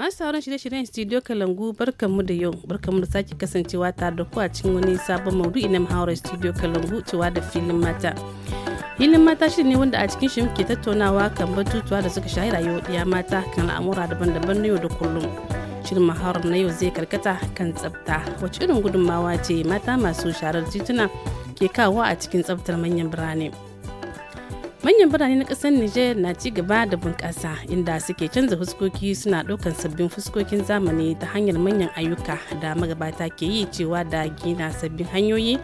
masu sauran shirye-shiryen studio kalangu barkanmu da yau barkanmu da sake kasancewa tare da ku a cikin wani sabon maudu'i na muhawarar studio kalangu cewa da filin mata filin mata shi ne wanda a cikin shi muke tattaunawa kan batutuwa da suka shahi rayuwar ɗiya mata kan al'amura daban-daban na yau da kullum shirin muhawarar na yau zai karkata kan tsafta wacce irin gudunmawa ce mata masu sharar tituna ke kawo a cikin tsaftar manyan birane. manyan birane na ƙasar niger na ci gaba da bunƙasa inda suke canza fuskoki suna ɗaukar sabbin fuskokin zamani ta hanyar manyan ayyuka da magabata ke yi cewa da gina sabbin hanyoyi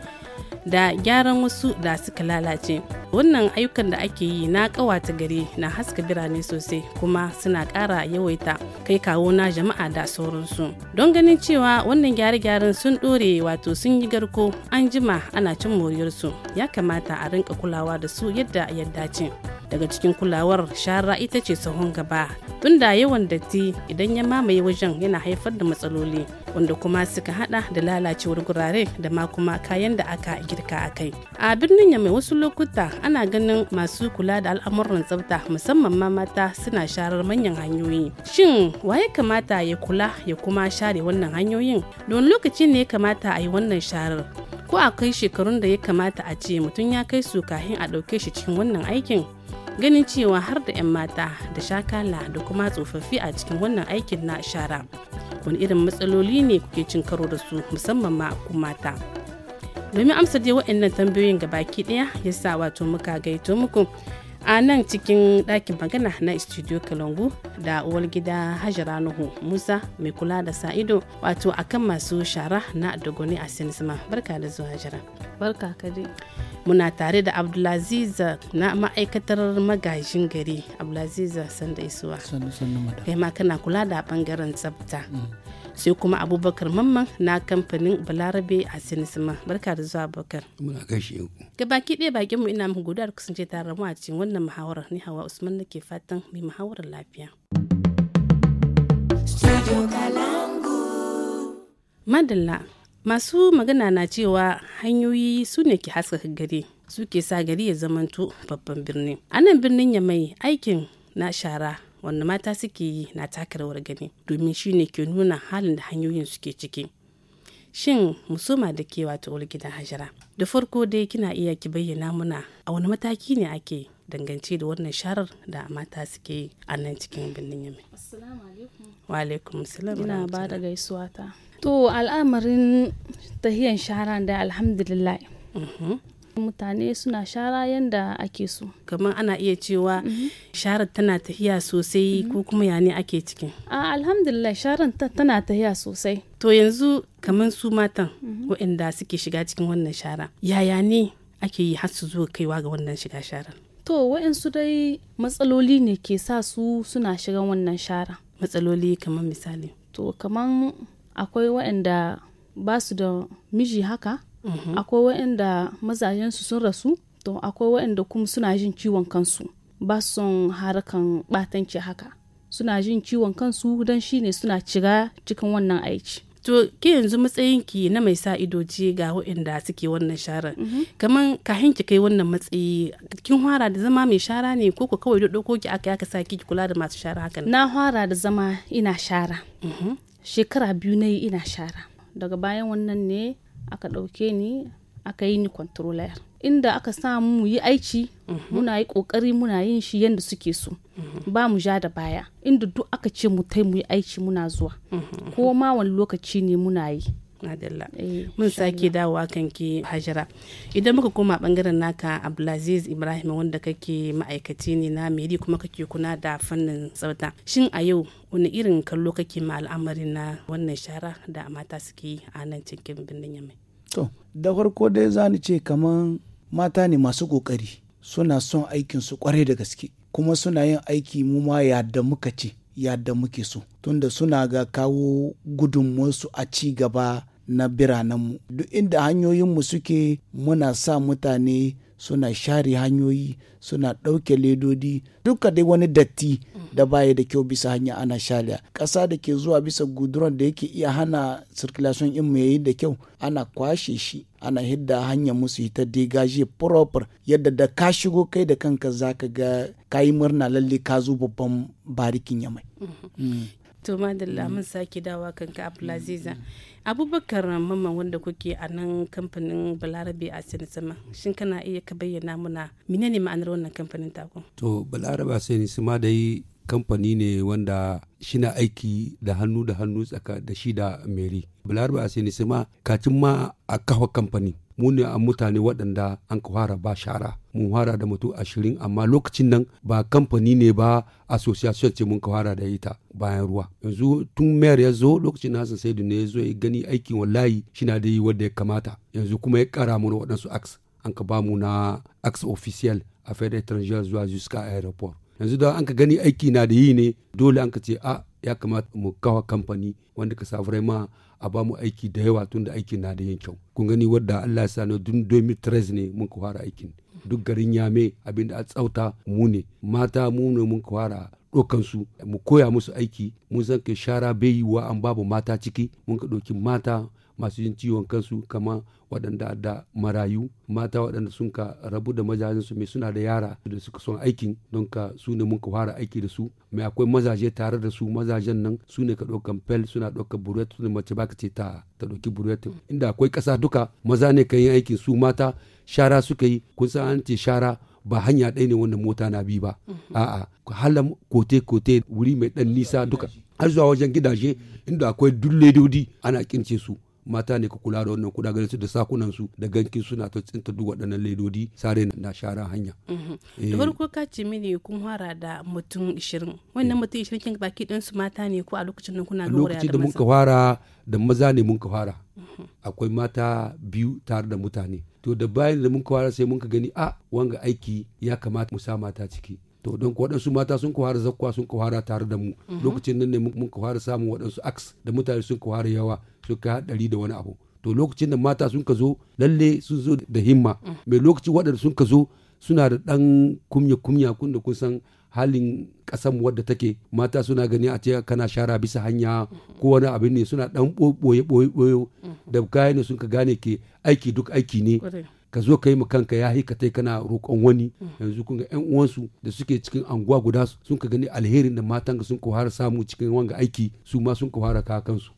da gyaran wasu da suka lalace wannan ayyukan da ake yi na kawata gari na haska birane sosai kuma suna ƙara yawaita kai kawo na jama'a da sauransu don ganin cewa wannan gyare-gyaren sun ɗore wato sun yi garko an jima ana cin moriyarsu ya kamata a rinka kulawa da su yadda ya dace daga cikin kulawar shara ita ce sahun gaba Tun da yawan datti idan ya mamaye wajen yana haifar da matsaloli wanda kuma suka hada da lalacewar gurare da ma kuma kayan da aka girka a kai a birnin ya mai wasu lokuta ana ganin masu kula da al'amuran tsafta musamman ma mata suna sharar manyan hanyoyi shin waye kamata ya kula ya kuma share wannan hanyoyin don lokaci ne ya kamata a yi wannan sharar ko akwai shekarun da ya kamata a ce mutum ya kai su kahin a ɗauke shi cikin wannan aikin ganin cewa har da 'yan mata da shakala da kuma tsofaffi a cikin wannan aikin na shara wani irin matsaloli ne kuke cin karo da su musamman ma ku mata domin amsa dai waɗannan tambayoyin ga baki ɗaya ya sa wato muka gaito muku a nan cikin ɗakin magana na studio kalangu da uwar gida hajara nuhu musa mai kula da Saido ido wato akan masu shara na dogoni a sinisima barka da zuwa hajara barka kade muna tare da abdulaziz na ma'aikatar magajin gari abdulaziz sanda isuwa kai ma kana kula da bangaren tsafta mm. sai kuma abubakar mamman na kamfanin balarabe a sinisima barka da zuwa abubakar muna gaishe ku gabaki ɗaya bakin mu ina muku guda da kusance tare mu a cikin wannan muhawarar ni hawa usman nake fatan mai muhawarar lafiya madalla masu magana na cewa hanyoyi su ne ke haskaka gari suke sa gari ya zamanto babban birni a nan birnin yamai aikin na shara wanda mata suke yi na taka rawar gani domin shi ne ke nuna halin da hanyoyin suke ciki shin musuma da ke wato gidan hajara da farko dai kina iya ki bayyana muna a wani mataki ne ake dangance da wannan sharar da mata suke yi a nan cikin birnin yamai wa alaikum salam ina ba da gaisuwa ta to al'amarin tahiyan shara da alhamdulillah mhm. mutane suna shara yadda ake so kamar ana iya cewa mhm. sharar tana tahiya sosai mhm. ko kuma ya ne ake cikin a alhamdulillah sharar tana tahiya sosai to yanzu kamar su matan mhm. waɗanda suke shiga cikin wannan shara yaya ne ake yi har su zo kaiwa ga wannan shiga sharar to waɗansu dai matsaloli ne ke sa su suna shiga wannan shara matsaloli kamar misali to kamar akwai waɗanda ba su da miji haka Mm-hmm. akwai waɗanda mazajensu sun rasu to akwai waɗanda kuma suna jin ciwon kansu ba son harkan batanci haka suna jin ciwon kansu don shine suna ciga cikin wannan aiki to ke yanzu matsayinki na mai sa ido ce ga waɗanda suke wannan sharar mm-hmm. kamar kahin ki kai wannan matsayi kin fara da zama mai shara ne ko ku kawai ko ki aka aka sa ki kula da masu shara haka na fara da zama ina shara mm-hmm. shekara biyu na yi ina shara daga bayan wannan ne aka ɗauke ni aka yi ni controller inda aka sa mu yi aiki mhm. muna yi ƙoƙari muna yin shi yadda suke so mhm. ba mu ja da baya inda duk aka ce mu tai mu yi aiki muna zuwa mhm. ko ma wani lokaci ne muna yi Adalla. Eh, Mun sake dawowa kan ki Hajara. Idan muka koma bangaren naka Abdulaziz Ibrahim wanda kake ma'aikaci ne na Meri kuma kake kuna da fannin tsauta Shin a yau wani irin kallo kake ma al'amari na wannan shara da mata suke yi a nan cikin birnin Yamai? To, da farko dai za ni ce kaman mata ne masu kokari suna son aikin su kwarai da gaske kuma suna yin aiki mu ma yadda muka ce yadda muke so tunda suna ga kawo gudunmuwarsu a ci gaba na biranenmu duk inda hanyoyinmu suke muna sa mutane suna share hanyoyi suna ɗauke ledodi duka dai wani datti da baya da kyau bisa hanya ana share ƙasa da ke zuwa bisa guduran da yake iya hana circulation in mu yayi da kyau ana kwashe shi ana hidda hanya musu ita degaje proper yadda da ka shigo kai da kanka zaka ga kayi murna lalle ka zo babban barikin yamai mm-hmm. mm. to madalla mun sake dawa kanka abdulaziza mm -hmm. abubakar mamman wanda kuke a nan kamfanin balarabe a sama shin kana iya ka bayyana muna menene ma'anar wannan kamfanin taku to balarabe a sinisima dai kamfani ne wanda shina aiki da hannu da hannu tsaka da shi da meri balarabe a sama kacin ma a kawo kamfani mu ne a mutane waɗanda an ka fara ba shara mun fara da mutu ashirin amma lokacin nan ba kamfani ne ba association ce mun ka fara da ita bayan ruwa yanzu tun mayar ya zo lokacin san saidu ne ya zo ya gani aikin wallahi shi na da yi wanda ya kamata yanzu kuma ya kara mana waɗansu ax an ka ba mu na ax official a federal transfer zuwa zuska airport yanzu da an ka gani aiki na da yi ne dole an ka ce a ah, ya kamata mu kawo kamfani wanda ka sa vraiment a ba mu aiki da yawa tun da aikin na da yin kyau kun gani wadda Allah ya sani tun 2013 ne mun ka fara aikin duk garin yame abinda a tsauta mu ne mata mu ne mun ka fara su mu koya musu aiki mun san ke shara bai yiwuwa an babu mata ciki mun ka ɗauki mata masu yin ciwon kansu kama waɗanda da marayu mata waɗanda sun ka rabu da mazajensu mai suna da yara da suka son aikin don ka su ne mun ka fara aiki da su mai akwai mazaje tare da su mazajen nan su ne ka ɗaukan pel suna ɗaukan buret su ne mace ba ka ce ta ta ɗauki inda akwai ƙasa duka maza ne ka yi aikin su mata shara suka yi kun san an ce shara ba hanya ɗaya ne wanda mota na bi ba mm-hmm. a'a hala kote kote wuri mai ɗan nisa duka har zuwa wajen gidaje inda akwai dulle dodi ana kince su mata ne ka kula da wannan kuɗa su da sakunan su da gankin suna ta tsinta duk waɗannan ledodi sare na shara hanya. Mhm. Eh. da farko ka ce mini kun fara da mutum 20 wannan eh. mutum 20 kin baki ɗin su mata ne ko a lokacin nan kuna lura lokacin da mun ka fara da maza ne mun ka fara mhm. akwai mata biyu tare da mutane to da bayan da mun ka fara sai mun ka gani a wanga aiki ya kamata mu sa mata ciki to don waɗansu mata sun kwara zakwa sun kwara tare da mu mhm. lokacin nan ne mun kwara samun waɗansu aks da mutane sun kwara yawa suka ɗari da wani abu to lokacin da mata sun ka zo lalle sun zo da himma mai lokaci waɗanda sun ka zo suna da ɗan kumya kumya kun da kusan halin ƙasan wadda take mata suna gani a ce kana shara bisa hanya ko wani abin ne suna ɗan ɓoye ɓoye ɓoye da kayan ne sun ka gane ke aiki duk aiki ne ka zo ka yi kanka ya ka tai kana roƙon wani yanzu kun ga ƴan uwansu da suke cikin anguwa guda sun ka gani alherin da matan sun ka fara samu cikin wanga aiki su ma sun ka fara kakansu.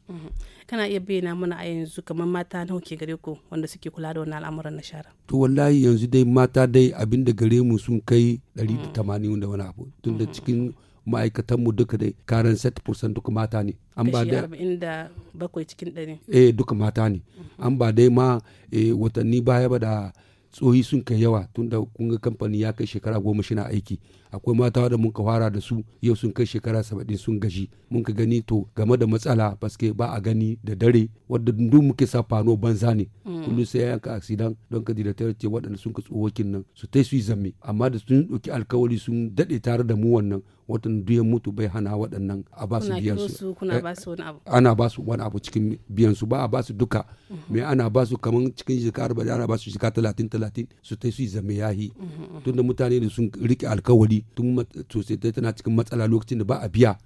kana iya bayyana mana a yanzu kamar mata nawa ke gare ku wanda suke kula da wannan al'amuran na shara to wallahi yanzu dai mata dai abin da gare mu sun kai 180 mm. da wani abu tun da mm. cikin ma'aikatan mu duka dai karan 7% duka mata ne an ba da bakwai cikin 100 eh duka mata ne mm-hmm. an ba dai ma eh, watanni baya ba da tsohi sun kai yawa tun da kunga kamfani ya kai shekara goma shi na aiki akwai mata waɗanda mun ka fara da su yau sun kai shekara saba'in sun gaji mun ka gani to game da matsala paske ba a gani da dare wadda duk muke sa fano banza ne mm. kullum sai an ka accident don ka dilatar ce waɗanda sun ka tsohokin nan su tai su yi zamme amma da sun ɗauki alkawari sun daɗe tare da mu wannan watan duyan mutu bai hana waɗannan a ba su biyan su eh, ana ba su wani abu cikin biyan su ba a ba su duka mm-hmm. me ana ba su kaman cikin jika arba'in ana ba su jika talatin talatin su tai su yi zamme yahi mm-hmm. tunda mutane da sun riƙe alkawari tun sosai tana cikin matsala lokacin da ba a biya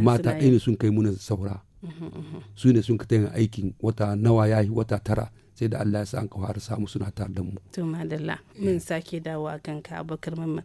mata ɗaya ne sun kai muna saura mhm, mhm. su ne sun ka aikin wata nawa ya yi wata tara sai da Allah ya sa an ka fara samu suna tare da mu to madalla eh. mun sake dawowa ganka Abubakar Mamma.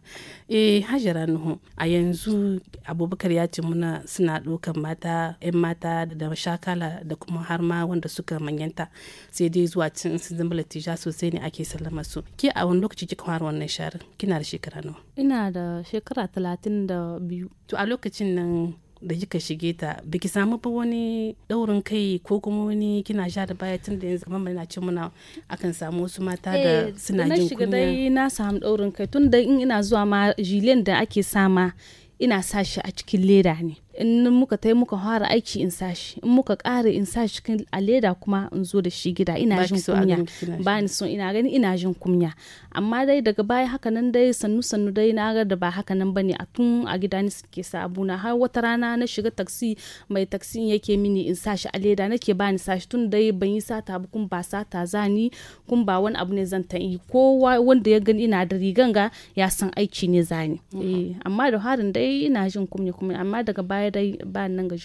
eh Hajara Nuhu a yanzu Abubakar ya ce muna suna ɗaukan mata 'yan mata da shakala da kuma har ma wanda suka manyanta sai dai zuwa cin sun zama latija sosai ne ake sallama su ke a wani lokaci kika fara wannan sharin kina da shekara nawa ina da shekara talatin da biyu to a lokacin nan da kika shige ta biki samu ba wani daurin kai ko kuma wani kina sha da baya tun da yanzu kamar na ce muna akan samu wasu mata da eh, suna jin kunya. Na shiga dai na samu daurin kai tun da in ina zuwa ma jilen da ake sama ina sa shi a cikin leda ne. in muka tai muka fara aiki in sashi in muka ƙara in sashi cikin a leda kuma in zo da shi gida ina jin kunya ba ni so ina gani ina jin kunya amma dai daga baya haka nan dai sannu sannu dai na ga da ba haka nan bane a tun a gida ni suke sa abuna har wata rana na shiga taksi mai taksi yake mini in sashi a leda nake ba ni sashi tun dai ban yi sata ba kun ba sata zani kun ba wani abu ne zan ta yi kowa wanda ya gani ina da rigan ga ya san aiki ne zani eh, amma da harin dai ina jin kunya kuma amma daga baya baya dai ba nan ga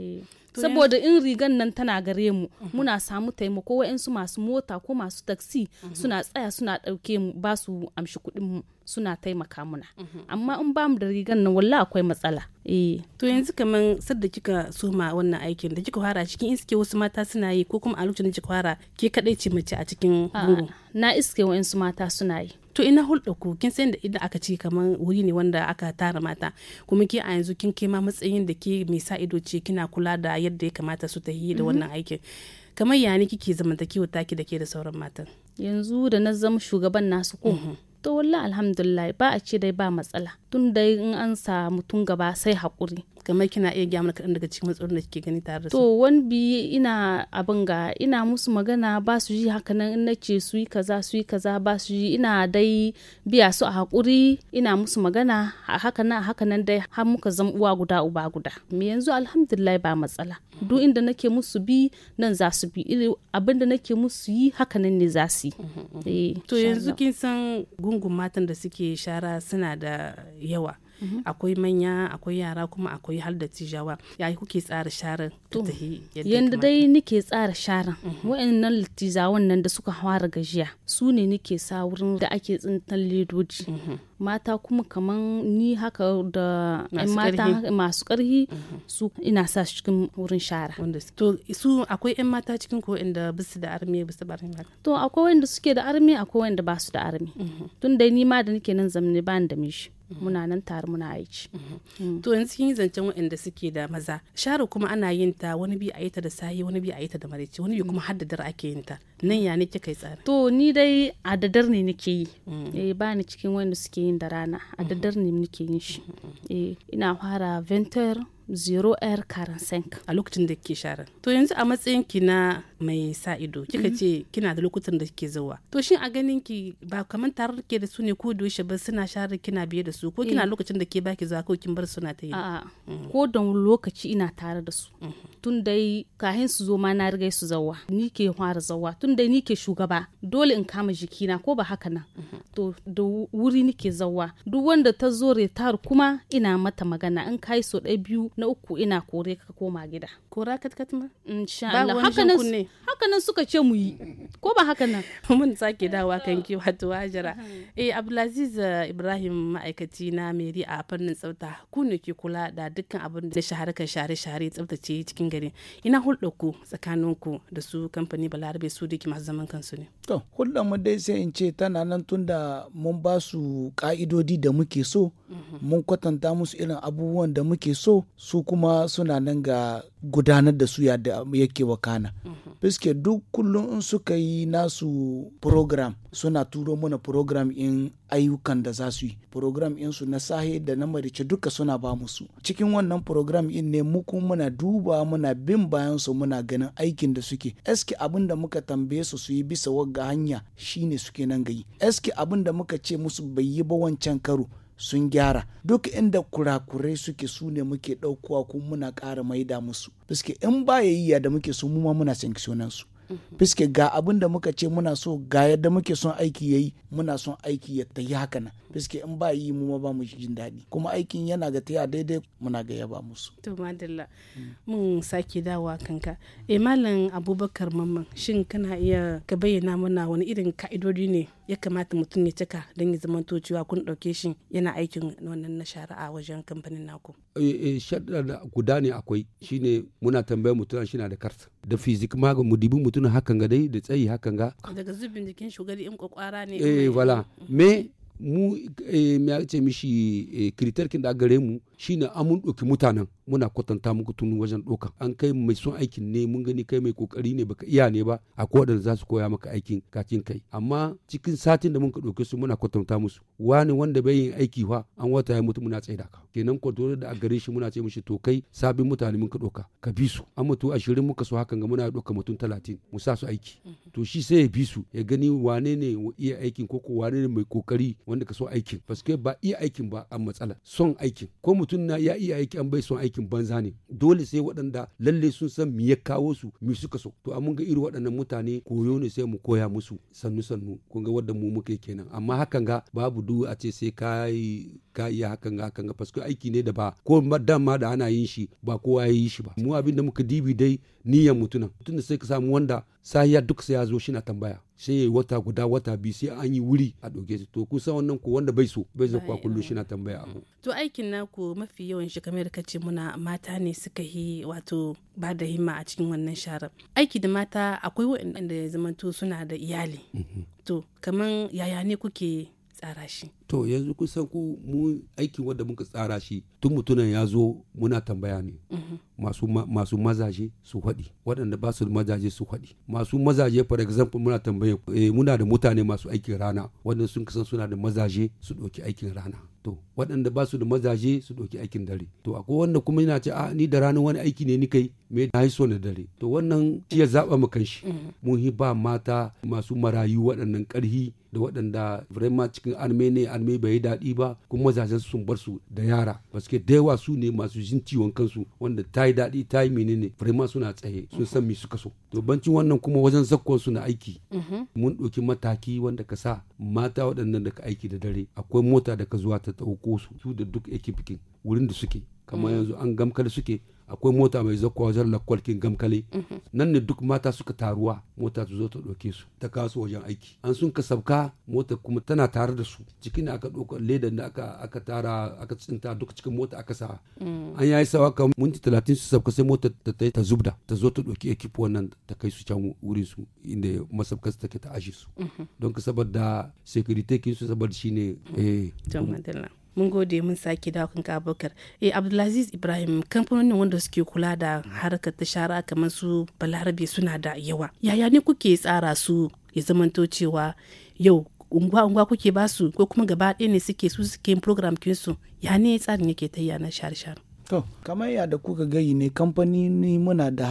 eh, saboda in rigan nan tana gare mu muna samu taimako wa'insu masu mota ko masu taksi mhm. suna tsaya suna ɗauke mu ba su amshi kuɗin mu suna taimaka muna mhm. amma in ba mu da rigar nan walla akwai matsala eh to yanzu kaman sar da kika soma wannan aikin da kika fara cikin iske wasu mata suna yi ko kuma a lokacin da kika fara ke kadai ce mace a cikin gungun ah, na iske wa'ansu mata suna yi to ina hulɗa ku kin san da idan aka ce kamar wuri ne wanda aka tara mata kuma ke a yanzu kin kai ma matsayin da ke mai sa ido ce kina kula da yadda ya kamata su ta yi da mhm. wannan aikin kamar ya ne kike zamantakewa taki da ke da sauran matan yanzu da na zama shugaban nasu ko mhm. to wallah alhamdulillah ba a ce dai ba matsala tun dai in an samu tun gaba sai haƙuri kamar kina iya gaya kaɗan daga cikin matsalolin da kike gani tare da su to wani bi ina abin ga ina musu magana ba su ji haka nan in nace su yi kaza su yi kaza ba su ji ina dai biya su a hakuri ina musu magana a haka nan a haka nan dai har muka zama uwa guda uba guda me yanzu alhamdulillah ba matsala duk inda nake musu bi nan za su bi irin abin da nake musu yi haka nan ne za su yi mm-hmm, mm-hmm. Eh, to yanzu kin san gungun matan da suke shara suna da yawa Mm-hmm. akwai manya akwai yara kuma akwai har da tijawa yayi kuke tsara sharan yadda dai nike tsara sharan mm-hmm. wa'annan litijawan nan da suka fara gajiya su ne nike sa wurin da ake tsintan ledoji mm-hmm. mata kuma kaman ni haka da mata masu karhi su ina sa cikin wurin shara to su akwai yan mata cikin ko inda bisu da armi bisu barin to akwai wanda suke da armi akwai wanda ba su da armi tun dai ni ma da nike nan zamne ba da mishi muna nan tare muna aiki mhm. mm. to yanzu kin zancen waɗanda suke da maza share kuma ana yin ta wani bi a yi ta da sahi wani bi a yi ta da maraice wani bi mm. kuma har da dare ake yin ta nan ya ne kai tsari to ni dai a dadar ne nake yi mm. eh ba ni cikin wanda suke yin da rana a mm-hmm. dadar ne nake yin shi mm-hmm. Mm-hmm. eh ina fara venture zero air karan senk a lokacin da ke sharan to yanzu a matsayin ki na mai sa ido kika ce kina da lokutan da ke zuwa to shin a ganin ki ba kamar tarar ke da su ne ko doshe ba suna sharar kina biye da su ko kina eh. lokacin da ke baki zuwa ko kin bar suna ta yi a'a mm. ko da lokaci ina tare da su tun dai kahin su zo ma na riga su zawa ni ke fara zawa tun tun da ni ke shugaba dole in kama jikina ko ba haka nan to da wuri nike zawa duk wanda ta zo retar kuma ina mata magana in kai so ɗaya biyu na uku ina kore ka koma gida kora katkat ma insha Allah haka nan suka ce mu yi ko ba haka nan mun sake dawa kan ki wato hajara eh Abdulaziz eh, Ibrahim ma'aikaci na Meri a fannin tsafta ku ne ke kula da dukkan abin da shahara kan share share tsaftace cikin gari ina hulɗa ku tsakanin ku da su kamfani Balarabe su da suke masu zaman kansu ne to mu dai sai in ce tana nan tun da mun ba su ka'idodi da muke so mhm. mun kwatanta musu irin abubuwan da muke so su kuma suna nan ga gudanar da su yadda yake wakana biske mhm. duk kullum in suka yi nasu program suna turo mana program in ayyukan da za su yi program in su na sahe da na marice duka suna ba musu cikin wannan program in ne mu kuma muna duba muna bin bayan su muna ganin aikin da suke eske abin da muka tambaye su su yi bisa wagga hanya shine suke nan gayi eske abin da muka ce musu bai yi ba wancan karo sun gyara duk inda kurakurai suke su ne muke ɗaukowa ko muna ƙara maida musu fiske in ba ya yi da muke so mu ma muna sankisionan su mhm. fiske ga abin da muka ce muna so ga yadda muke son aiki ya yi muna son aiki ya tayi haka nan biske in ba yi mu ba mu jin daɗi kuma aikin yana ga taya daidai muna ga yaba musu to madalla mun sake dawa kanka eh malam abubakar mamman shin kana iya ka bayyana mana wani irin ka'idodi ne ya kamata mutum ya cika don ya zama cewa kun ɗauke shi yana aikin wannan na shari'a wajen kamfanin naku. Eh, eh, shaɗa da guda ne akwai shine muna tambayar mutum shi na da karta da fizik ma mu dibi mutum hakan ga dai da tsayi hakan ga. daga zubin jikin shugari in kwakwara ne. eh wala me mu eh, me ce mishi eh, critère kin da gare mu shine amun ɗauki mutanen muna kwatanta muku tun wajen ɗauka an kai mai son aikin ne mun gani kai mai kokari ne baka iya ne ba ko wadanda za su koya maka aikin kakin kai amma cikin satin da muka ɗauke su muna kwatanta musu wani wanda bai yin aiki fa an wata ya mutu muna tsaida ka kenan dole da a gare shi muna ce mishi to kai sabin mutane muka ɗauka ka bi su an mutu ashirin muka so hakan ga muna ɗauka mutum talatin mu sa su aiki mhm. to shi sai ya bi su ya gani wane ne iya aikin ko wane ne mai kokari wanda ka so aikin paske ba iya aikin ba a matsala son aikin ko mutum na ya iya aiki an bai son aiki aikin banza ne dole sai waɗanda lalle sun san mi ya kawo su mi suka so to mun ga irin waɗannan mutane koyo ne sai mu koya musu sannu sannu kun ga wanda mu muke kenan amma hakan ga babu du a ce sai ka ka iya hakan ga hakan ga fasko aiki ne da ba ko ma da ana yin shi ba kowa ya yi shi ba mu abin da muka dibi dai niyan mutunan mutum sai ka samu wanda sahiya duk sai ya zo shi na tambaya sai yayi wata guda wata biyu sai an yi wuri a ɗauke su to kusan wannan ko wanda bai so bai zo kwa kullum shi na tambaya to aikin naku mafi yawan shi kamar ka ce muna mata ne suka yi wato ba da himma a cikin wannan sharar aiki da mata akwai waɗanda ya zamanto suna da iyali mhm. to kamar yaya ne kuke tsara shi. To yanzu kusan ku mu aikin wanda muka tsara shi tun mutunan ya zo muna tambaya ne. Mhm. masu masu mazaje su haɗi waɗanda ba su mazaje su haɗi masu mazaje for example muna tambaye eh, muna da mutane masu aikin rana waɗanda sun kasan suna da mazaje su ɗauki aikin rana to waɗanda ba su da mazaje su ɗauki aikin dare to akwai wanda kuma yana ce a ni da ranar wani aiki ne ni kai me na yi so na dare to wannan shi ya zaɓa ma kanshi mm. mun hi ba mata masu marayu waɗannan ƙarhi da waɗanda vraiment cikin arme ne arme bai yi daɗi ba kuma mazajen sun bar su da yara parce da yawa su ne masu jin ciwon kansu wanda ta yi daɗi ta yi menene vraiment suna tsaye sun san mi suka so to bancin wannan kuma wajen zakkon suna aiki mhm. mun ɗauki mataki wanda ka sa mata waɗannan da ka aiki da dare akwai mota da ka zuwa ta ɗauko su su da duk ekipikin wurin da suke kamar mhm. yanzu an gamkar suke akwai mota mai zakwa wajen lakwalkin gamkale mhm. nan ne duk mata suka taruwa mota ta zo ta ɗauke su ta kasu wajen aiki an sun ka sabka mota kuma tana tare da su cikin aka ɗauka leda da aka aka tara aka tsinta duk cikin mota aka sa mm. an yayi sawa ka minti talatin su sabka sai mota ta ta zubda ta zo ta ɗauki ekip wannan ta kai su can wurin su inda masabka su take ta ashe su mhm. don saboda security kin su saboda shine eh mun gode mun sake dawo kan eh abdulaziz ibrahim kamfanonin wanda suke kula da harkar ta shara kamar su balarabe suna da yawa yaya ne kuke tsara su ya zamanto cewa yau unguwa unguwa kuke ba su ko kuma gaba ɗaya ne suke su suke program su ya ne tsarin yake ta yana share share to kamar da kuka gayi ne kamfani ne muna da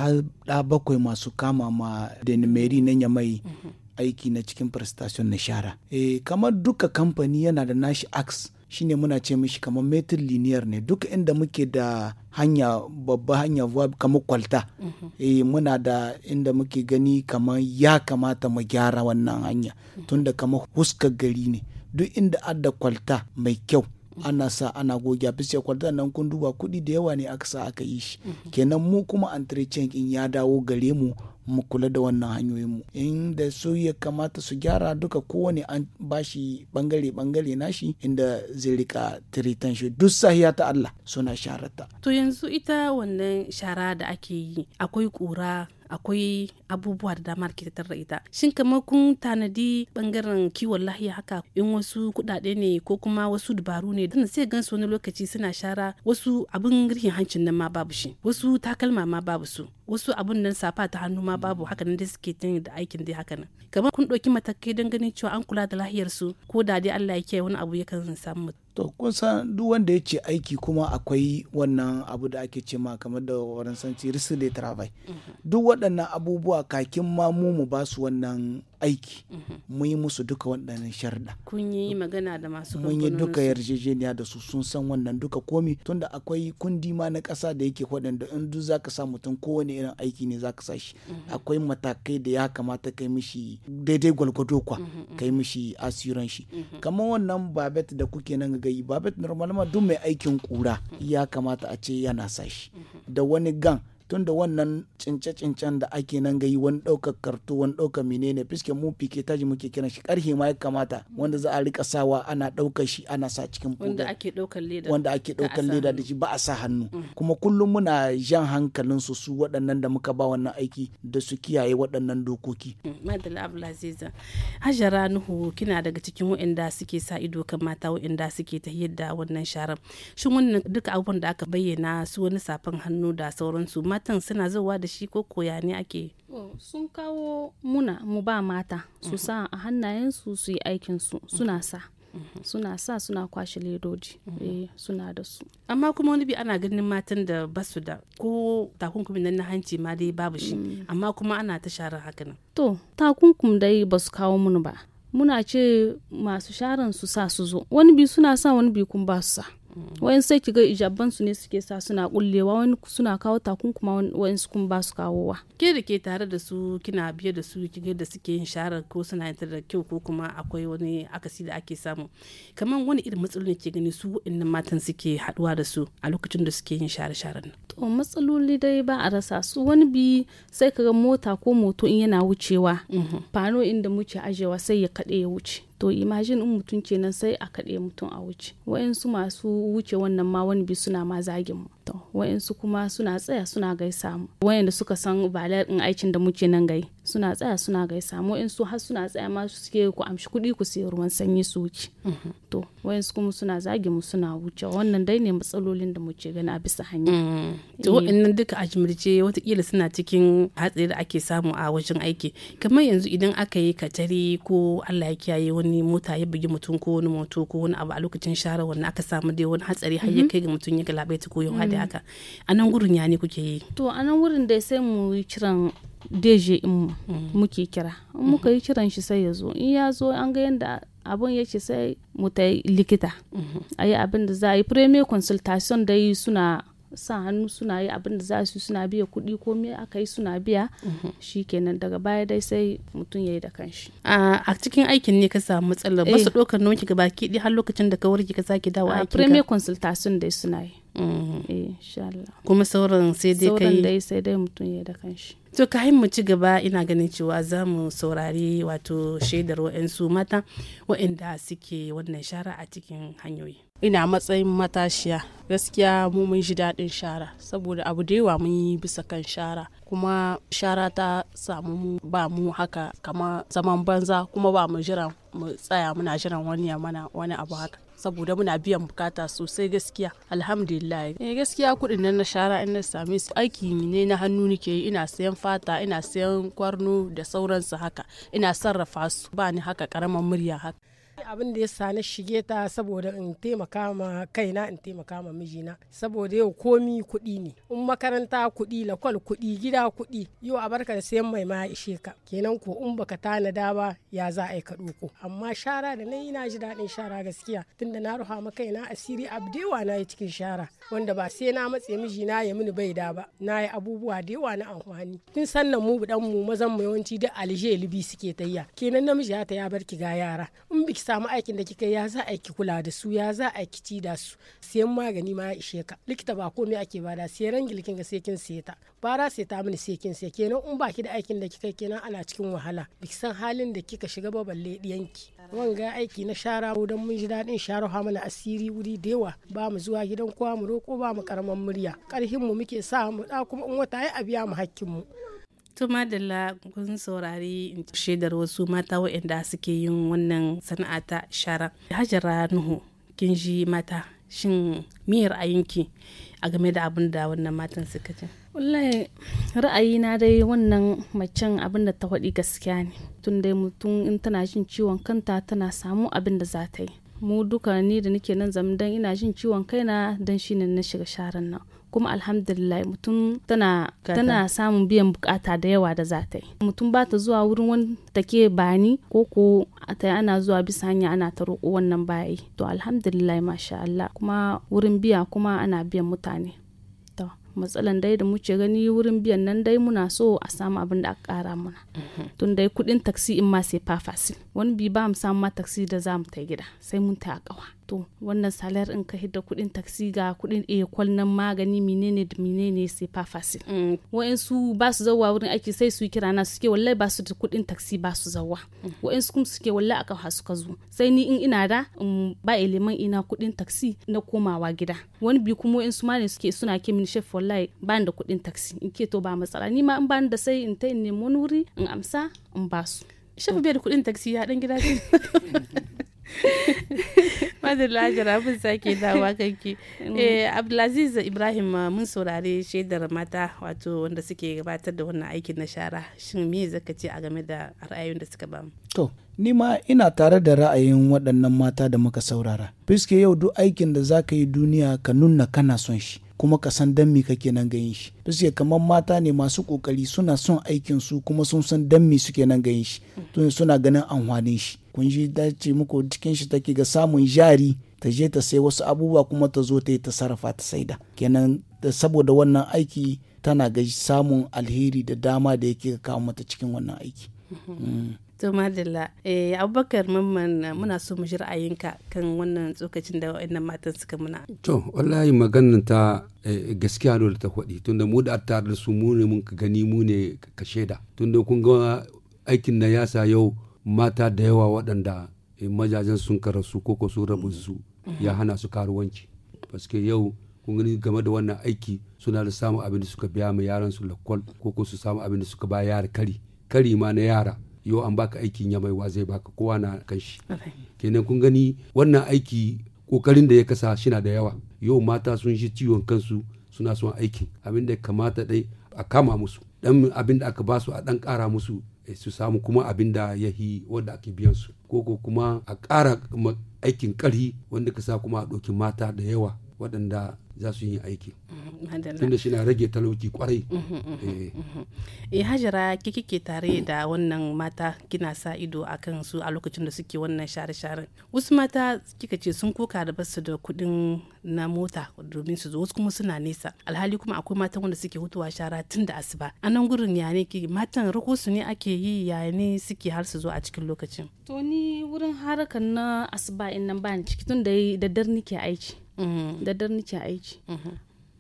har bakwai masu kama ma da numeri na mhm. aiki na cikin prestation na shara e, kamar duka kamfani yana da nashi axe shine muna ce mishi kamar metin liniyar ne duk inda muke da hanya babba hanya kamar kwalta mm-hmm. eh muna da inda muke gani kamar ya kamata mu gyara wannan hanya mm-hmm. tunda kamar huska gari ne duk inda adda kwalta mai kyau mm-hmm. ana sa ana goge bisa kwalta nan kun duba kuɗi da yawa ne aka sa aka yi shi kenan mu kuma entretien in ya dawo gare mu mu kula da wannan hanyoyin hanyoyinmu inda su ya kamata su gyara duka kowane an bashi bangare bangare nashi inda zai rika tiritan shi duk sahiya ta Allah suna sharata to yanzu ita wannan shara da ake yi akwai kura akwai abubuwa da dama da ke da ita shin kamar kun tanadi bangaren kiwon lahiya haka in wasu kuɗaɗe ne ko kuma wasu dabaru ne dan sai gan su wani lokaci suna shara wasu abin rihin hancin nan ma babu shi wasu takalma ma babu su wasu abun nan safa ta hannu ma ma babu haka nan da suke tun da aikin dai haka nan kamar kun ɗauki matakai don ganin cewa an kula da lahiyar su ko da dai Allah ya kiyaye wani abu yakan samu to san duk wanda ya ce aiki kuma akwai wannan abu da ake ce ma kamar da waransanci de travail mhm. duk waɗannan abubuwa kakin ma mu mu ba su wannan aiki mhm. mun yi musu duka waɗannan sharda kun yi magana da masu mun yi duka yarjejeniya da su sun san wannan duka komi tunda akwai kundi ma na ƙasa da yake da in duk zaka sa mutum kowane irin aiki ne zaka sa shi mhm. akwai matakai da ya kamata kai mishi daidai gwalgwado kwa mhm, kai mishi asiran shi kamar wannan babet da kuke nan gayi babet normal ma duk mai aikin kura ya kamata a ce yana sa shi da wani gan tunda wannan cince-cincen da ake nan gayi wani ɗaukar karto wani ɗaukar menene fiske mu fike taji muke kiran shi karhe ma ya kamata wanda za a rika sawa ana ɗaukar shi ana sa cikin wanda wanda ake ɗaukar leda da shi ba a sa hannu mm. kuma kullum muna jan hankalin su su waɗannan da muka ba wannan aiki da su kiyaye waɗannan dokoki. Mm. Madala Abdulaziza Hajara Nuhu kina daga cikin waɗanda suke sa ido kan mata wa'inda suke ta da wannan sharar shin wannan duka abubuwan da aka bayyana su wani safan hannu da sauransu mata matan suna zuwa da shi ko koya ne ake sun kawo muna mu ba mata su mhm. sa a hannayensu su yi aikinsu mhm. suna sa mhm. suna sa suna kwashe ledoji eh, suna da su amma kuma wani bi ana ganin matan da basu da ko takunkumi nan na hanci ma dai babu shi mm. amma kuma ana ta sharar hakanan to takunkum dai basu kawo mun ba muna ce masu sharan su sa su zo wani bi suna sa wani bi kun ba su sa wayan sai kiga ijabban su ne suke sa suna kullewa wani suna kawo takunkuma wayan su ba su kawowa ke da ke tare da su kina biye da su kiga da suke yin sharar ko suna yin da kyau ko kuma akwai wani akasi da ake samu kamar wani irin matsaloli ke gani su wa'annan matan suke haduwa da su a lokacin da suke yin share sharen to matsaloli dai ba a rasa su wani bi sai kaga mota ko moto in yana wucewa fano mhm. inda muke ajewa sai ya kaɗe ya wuce to imagine in mutum kenan sai a kaɗe mutum a wuce wa'insu masu wuce wannan ma wani bi suna ma zagin mu to wa'insu kuma suna tsaya suna gaisa mu wayanda suka san balar in aikin da muke nan gai suna tsaya suna gaisa mu in su har suna tsaya ma suke ku amshi kuɗi ku sayi ruwan sanyi su wuce mhm. to wayansu kuma suna zage mu suna wuce wannan dai ne matsalolin da muke gani a bisa hanya mm. to eh. wa'annan duka a jimirce watakila suna cikin hatsari da ake samu a wajen aiki kamar yanzu idan aka yi katari ko Allah ya kiyaye wani mota ya bugi mutum ko wani moto ko wani abu a lokacin share wannan aka samu dai wani hatsari har ya mhm. kai ga mutum ya galabaita ko yau mm. haka a nan gurin ya ne kuke yi to a nan gurin dai sai mu kiran deje in mm. muke kira in muka yi kiran shi sai ya zo in ya zo an ga yadda abun yake sai mu ta likita mm-hmm. a yi abin da za a yi premier consultation da yi suna sa hannu suna yi abin da za su suna biya kuɗi ko me aka yi suna biya mm-hmm. shi kenan daga baya dai sai mutum ya yi da kanshi a cikin aikin ne ka samu matsalar ba su eh. ɗaukar nauki ga baki har lokacin da ka warke ka sake dawo aiki premier consultation dai suna yi Mm-hmm. kuma sauran sai dai kai sauran dai sai dai mutum ya da kanshi to kayan mu ci gaba ina ganin cewa za mu saurari wato shaidar wa'ansu mata wa'anda suke wannan shara a cikin hanyoyi ina matsayin matashiya gaskiya mu mun ji daɗin shara saboda abu da yawa mun yi bisa kan shara kuma shara ta samu ba mu haka kama zaman banza kuma ba mu jiran mu tsaya muna jiran wani ya mana wani abu haka saboda muna biyan bukata sosai gaskiya alhamdulillah eh gaskiya kuɗin nan na shara in na same su aiki ne na hannu nake yi ina sayan fata ina sayan kwarno da sauransu haka ina sarrafa su ba ni haka karaman murya haka dai abin da ya sani shige ta saboda in taimaka ma kaina in taimaka ma mijina saboda yau komi kuɗi ne in makaranta kuɗi lakwal kuɗi gida kuɗi yau a barka da sayan mai ma ishe ka kenan ko in baka tanada ba ya za a yi ka ɗoko amma shara da na yi na ji daɗin shara gaskiya tunda na ruha ma kaina asiri abdewa na yi cikin shara wanda ba sai na matse mijina ya mini bai da ba na yi abubuwa da yawa na amfani tun sannan mu dan mu mazan mu yawanci duk alje libi suke tayya kenan namiji ya ta ya bar ki ga yara in biki samu aikin da kika ya za a ki kula da su ya za a ki ci da su sayan magani ma ya ishe ka likita ba komai ake bada sayan rangi likin ga sai kin saye ta bara sai ta mini sai kin saye kenan in baki da aikin da kika kenan ana cikin wahala biki san halin da kika shiga ba balle diyanki ga aiki na shara don mun ji daɗin sharo mana asiri wuri da yawa ba mu zuwa gidan kowa mu roko ba mu karaman murya karhin mu muke sa mu da kuma in wata ya abiya mu hakkin mu Tuma da la kun saurari shaidar wasu mata waɗanda suke yin wannan sana'a ta shara. Hajara Nuhu kin ji mata shin me ra'ayinki a game da abin da wannan matan suka ji Wallahi ra'ayina dai wannan macen abin da ta faɗi gaskiya ne. Tun dai mutum in tana jin ciwon kanta tana samu abin da za ta yi. Mu duka ni da nake nan zam dan ina jin ciwon kaina dan shine na shiga sharan nan. kuma alhamdulillah mutum tana tana samun biyan bukata da yawa da za ta yi mutum ba ta zuwa wurin wani take bani ko ko ta ana zuwa bisa hanya ana ta roƙo wannan bayi to alhamdulillah masha Allah kuma wurin biya kuma ana biyan mutane to matsalan dai da muke gani wurin biyan nan dai muna so a samu abin da aka kara mana mhm. tun dai kudin taksi in ma sai fafasil wani bi ba mu samu ma taksi da za mu ta gida sai mun ta kawa to wannan salar in ka hidda kuɗin taksi ga kuɗin ekol nan magani menene da menene sai fa fasil mm. wa'ansu ba su zauwa wurin aiki sai su kira na suke wallahi ba su da kuɗin taksi ba su zauwa mm. wa'ansu kuma suke wallahi akan hasu suka zo sai ni in ina da in ba eleman ina kuɗin taksi na komawa gida wani bi kuma wa'ansu ma ne suke suna ke min chef wallahi ba da kuɗin taksi in ke to ba matsala ni ma in ba da sai in ta in nemi wani wuri in amsa in ba su shafi bai da kuɗin taksi ya ɗan gida madalla mun sake dawa kanki mm. eh, abdulaziz ibrahim mun saurari shaidar mata wato wanda suke gabatar da wannan aikin na shara shin me zaka ce a game da ra'ayoyin da suka bamu to ni ma ina tare da ra'ayin waɗannan mata da muka saurara fiske yau duk aikin da zaka yi duniya ka nuna kana son shi kuma ka san dan me kake nan ganin shi suke kamar mata ne masu kokari suna son aikin su kuma sun san dan suke nan ganin shi mm. suna ganin amfanin shi kun ji dace muku cikin shi take ga samun jari ta je ta sai wasu abubuwa kuma ta zo ta yi ta sarrafa ta saida kenan saboda wannan aiki tana ga samun alheri da dama da yake kawo mata cikin wannan aiki mm. to madalla eh abubakar mamman muna so mu ra'ayinka kan wannan tsokacin da wa'annan matan suka muna to wallahi maganar ta eh, gaskiya ne da ta kwaɗi tunda mu da tare da su mu ne mun ka gani mu ne ka shaida tunda kun ga aikin na yasa yau mata da yawa waɗanda eh, majajen sun karasu ko ko sun rabu su ya mm-hmm. hana su karuwanci paske yau kun gani game da wannan aiki suna da samun abin da suka biya ma yaran su lakwal ko ko su samu abin da suka ba yara kari kari ma na yara yau an baka aikin ya mai zai baka kowa na kan shi kenan kun gani wannan aiki kokarin da ya kasa shina da yawa yau mata sun shi ciwon kansu suna son aikin abin da kamata dai a kama musu dan abin da aka basu a dan kara musu Eh, su samu kuma abin da ya yi wanda ake biyan su koko kuma a ƙara aikin ƙari wanda ka sa kuma a ɗauki mata da yawa waɗanda za su yi aiki mm-hmm. tunda shi na rage talauci kwarai mm-hmm, mm-hmm, eh. eh hajara ke kike tare da wannan mata kina sa ido a kan su a lokacin da suke wannan share share wasu mata kika ce sun koka da basu da kuɗin na mota domin su zo wasu kuma suna nesa alhali kuma akwai matan wanda suke hutuwa shara tun da asuba a nan gurin ya ne ki matan rako su ne ake yi ya ne suke har su zo a cikin lokacin to ni wurin harakan na asuba in nan ba ni ciki tun da daddar nike aiki daddar nike aiki aiki mhm.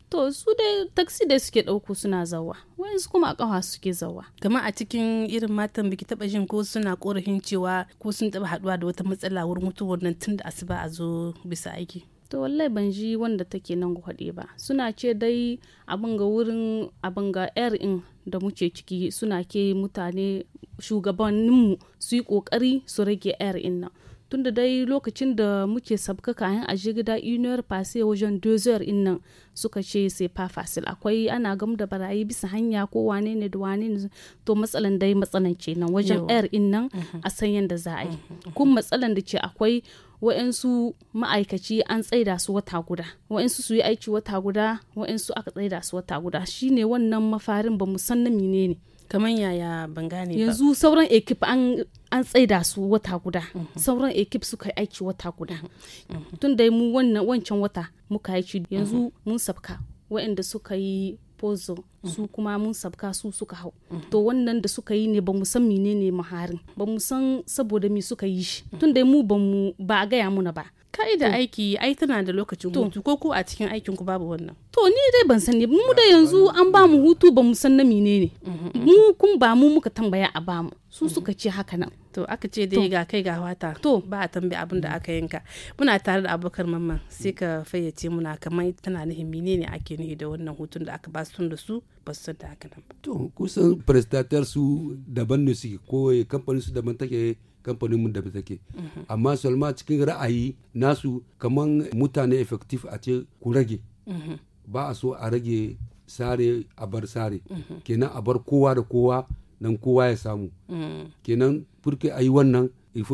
to su dai taksi da suke ɗauko suna zawa wayansu kuma a ƙafa suke zawa kamar a cikin irin matan biki taɓa jin ko suna ƙorafin cewa ko sun taɓa haɗuwa da wata matsala wurin mutuwar nan tun da asuba a zo bisa aiki to wallahi ban ji wanda take nan kwaɗe ba suna ce dai abin ga wurin abin ga air in da muke ciki suna ke mutane shugabanninmu su yi ƙoƙari su rage air in nan tunda dai lokacin da muke sabka kayan a gida inuwar fasi wajen in innan suka ce sai fa fasil akwai ana gamu da barayi bisa hanya ko wane ne da wane ne to matsalan dai matsalan ce nan wajen air innan mhm. a san yadda za a yi mhm. mhm. kun matsalan da ce akwai wa'insu ma'aikaci an tsaida su wata guda wa'ansu su yi aiki wata guda wa'ansu aka tsaida su wata guda shine wannan mafarin ba mu san na menene ne kamar yaya ban gane ba yanzu sauran ekip an an tsaida su wata guda mhm. sauran ekip suka yi aiki wata guda mhm. Mhm. tun dai mu wancan wata muka aiki yanzu mun sabka waɗanda suka yi pozo su kuma mun sabka su suka hau to wannan da suka yi ne ba mu san menene maharin ba mu san saboda me suka yi shi tun dai mu ba mu ba a gaya muna ba ka'ida aiki ai tana da lokacin hutu ko ko a cikin aikin ku babu wannan to ni dai ban sani mu da yanzu an ba mu hutu ba mu san na menene mm, mm, mm. mu kun ba mu muka tambaya a ba mu su suka ce haka nan to aka ce dai ga kai ga wata to ba a tambaye abin da aka yanka muna tare da abokan mamman sai ka fayyace muna kamar tana nihin menene ake ni da wannan hutun da aka ba su da su ba su da haka nan to kusan prestataire su daban ne suke ko kamfanin su daban take kamfanin mun da bi take mhm. amma salma cikin ra'ayi nasu kaman mutane effective a ce ku rage mhm. ba a so a rage sare a bar sare mhm. kenan a bar kowa da kowa nan kowa ya samu mm. kenan furke a yi wannan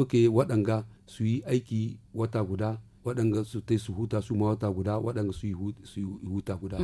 ke waɗanga su yi aiki wata guda waɗanga su ta su huta su ma wata guda waɗanga su yi huta guda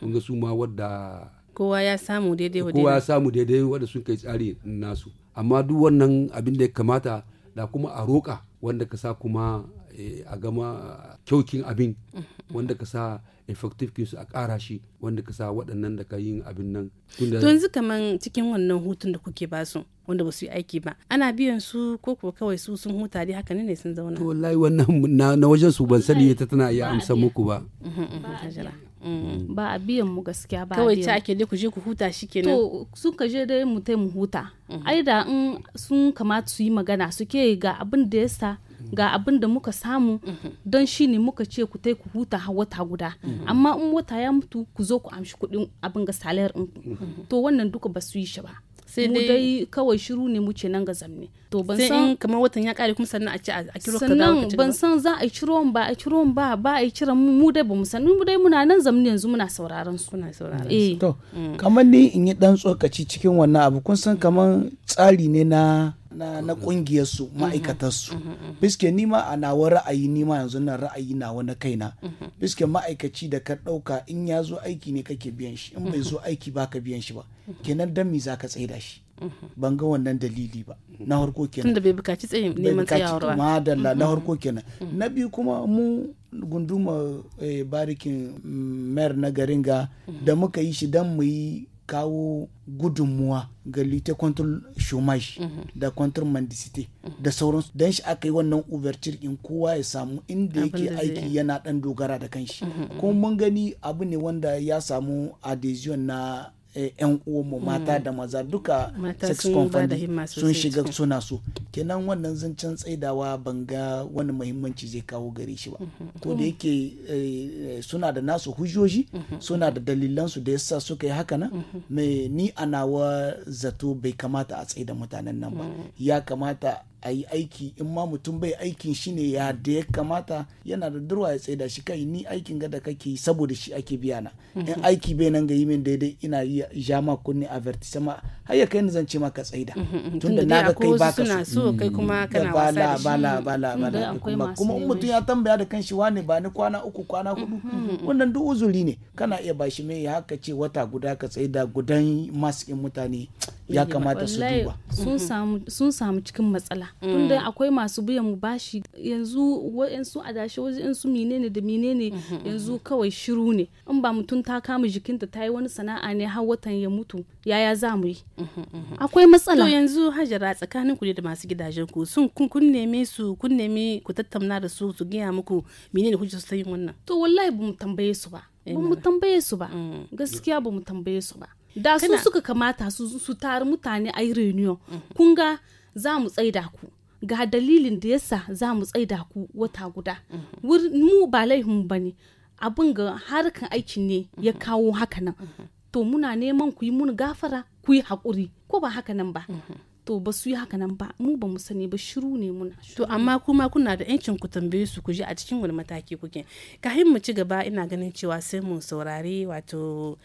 kun su ma wadda kowa ya samu daidai kowa ya samu daidai wadda sun kai tsari nasu amma duk wannan abin da ya kamata da kuma a roƙa wanda ka sa kuma eh, a gama kyaukin abin mhm. wanda ka sa effective kinsu a ƙara shi wanda ka sa waɗannan da ka yin abin nan. yanzu kaman cikin wannan hutun da kuke ba su wanda ba su yi aiki ba ana biyan su ko kuwa kawai su sun huta dai haka ne sun zauna. to wallahi wannan na wajen su ban sani ta tana iya amsa muku ba. Mhm, mhm, Mm. ba a biyan mu gaskiya ba kawai ta ake ku je ku huta shi ke to sun ka je dai mu tai mu huta mm-hmm. ai da in sun kamata su yi magana suke ga abin da yasa mm-hmm. ga abin da muka samu mm-hmm. don shi ne muka ce ku tai ku huta wata guda amma in wata ya mutu ku zo ku amshi kuɗin abin ga salayar to wannan duka ba su yi shi ba sai dai dai kawai shiru ne muke nan ga zamne to ban san kamar watan ya kare kuma sannan a ci a kiro ka sannan ban san za a ciro ba a ciro ba ba a ciro mu dai bamu san mu dai muna nan zamne yanzu muna sauraron su muna sauraron su eh. to mm. kamar ni in yi dan tsokaci cikin wannan abu kun san kamar tsari ne na na, na kungiyarsu mhm. ma'aikatarsu mhm, mhm, biske nima a nawa ra'ayi nima yanzu na ra'ayi nawa na kaina biske ma'aikaci da ka ɗauka in ya zo aiki ne kake biyan shi in bai zo aiki ba ka biyan shi ba kenan dan me za ka tsaida shi ban ga wannan dalili ba na harko kenan tunda bai bukaci neman tsayawa ba dalla na harko kenan na biyu kuma mu gunduma eh, barikin mm, mayar na garinga da muka yi shi dan mu yi kawo gudunmuwa ga lite kwantar chômage da kwantar mandisite da sauransu don shi aka yi wannan ouverture in kowa ya samu inda yake aiki yana dan dogara da kanshi mm-hmm. kuma mun gani abu ne wanda ya samu adhesion na 'yan uwanmu mata mm. da maza duka sex confunding sun shiga suna so kenan wannan zancen tsaidawa ban ga wani muhimmanci zai kawo gare shi ba mm-hmm. ko da mm. yake eh, eh, suna da nasu hujjoji mm-hmm. suna da dalilansu da yasa suka yi haka nan mai mm-hmm. ni a nawa zato bai kamata a tsaida mutanen nan ba mm. ya kamata a yi aiki in ma mutum bai aikin shi ne ya da ya kamata yana da durwa ya da shi kai ni aikin ga da kake saboda shi ake biya na mm-hmm. in aiki bai nan ga yi min daidai ina yi ma kunni avertisema har ya kai ni zan ce maka tsaida mm-hmm, mm-hmm. da na ga kai ba ka so kai kuma kana wasa da shi bala bala bala kuma kuma mutum ya tambaya da kanshi wane ba ni kwana uku kwana hudu wannan duk uzuri ne kana iya ba shi mai haka ce wata guda ka tsaida gudan maskin mutane ya kamata su duba sun samu cikin matsala Mm. tunda akwai masu biyan mu bashi yanzu wa'yansu adashi wa'yansu menene da menene mm-hmm, mm-hmm. yanzu kawai shiru ne in ba mutum ta kama jikinta ta yi wani sana'a ne har watan ya mutu yaya za mu yi mm-hmm, akwai matsala to yanzu hajara tsakanin ku da masu gidajen ku sun kun neme su kun neme ku tattauna da su su gaya muku menene hujjar su ta yin wannan to wallahi ba mu tambaye su ba eh, ba mu tambaye su ba mm. gaskiya ba mu tambaye su ba da su suka kamata su su mutane a yi reunion kun ga za mu tsaida ku ga dalilin da yasa za mu tsaida ku wata guda mu ba laifin ba ne abin ga harkan aiki ne ya kawo haka nan to muna neman ku yi mun gafara ku yi haƙuri ko ba haka nan ba to ba su yi haka nan ba mu ba mu sani ba shiru ne muna to amma kuma kuna da yancin ku tambaye su ku je a cikin wani mataki kuke ka mu ci gaba ina ganin cewa sai mu saurari wato